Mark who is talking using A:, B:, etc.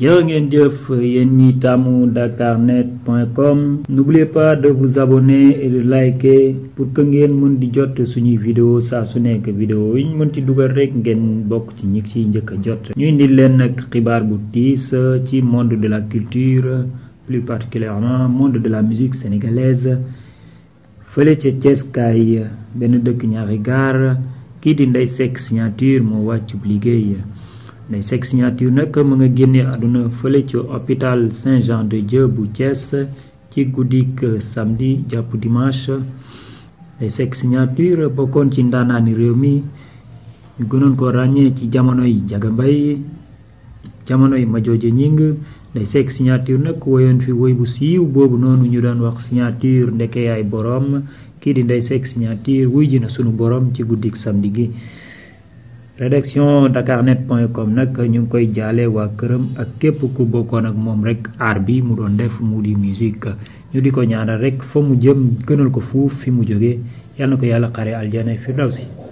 A: jërë ngeen jëf yéen ñi tàmmu dakarnet.com n'oubliez pas de vous abonner et de liker pour que ngeen mën di jot suñuy vidéo saa su nekk vidéo yi ñu mën ci dugal rekk ngeen bokk ci ñi ci njëkk jot ñu indi leen nag xibaar bu tiis ci monde de la culture plus particulièrement monde de la musique sénégalaise fële ca Thiès kaay benn dëkk ñaari gaar kii di Ndeye Seck signature moo wàccu liggéey ne Seck Signature nag mu nga génne àdduna fële ci hôpital Saint-Jean de Dieu bu Thiès ci guddik samedi jàpp dimanche ne Seck Signature bokkoon ci ndaanaani réew mi ñu gënoon ko ràññee ci jamonoy Ndiaga Mbaye jamonoy Madiodia Gningue ne Seck Signature nag woyoon fi woy bu siiw boobu noonu ñu doon wax signature ndeke yaay boroom kii di Ndeye Seck Signature wuy ji na sunu boroom ci guddik samedi gi rédaction dakarnet.com nag ñu ngi koy jaale waa këram ak képp ku bokkoon ak moom rek aar bi mu doon def mu di musique ñu di ko ñaanal rek fa mu jëm gënal ko fuuf fi mu jógee yal na ko yàlla xare aljana firdawsi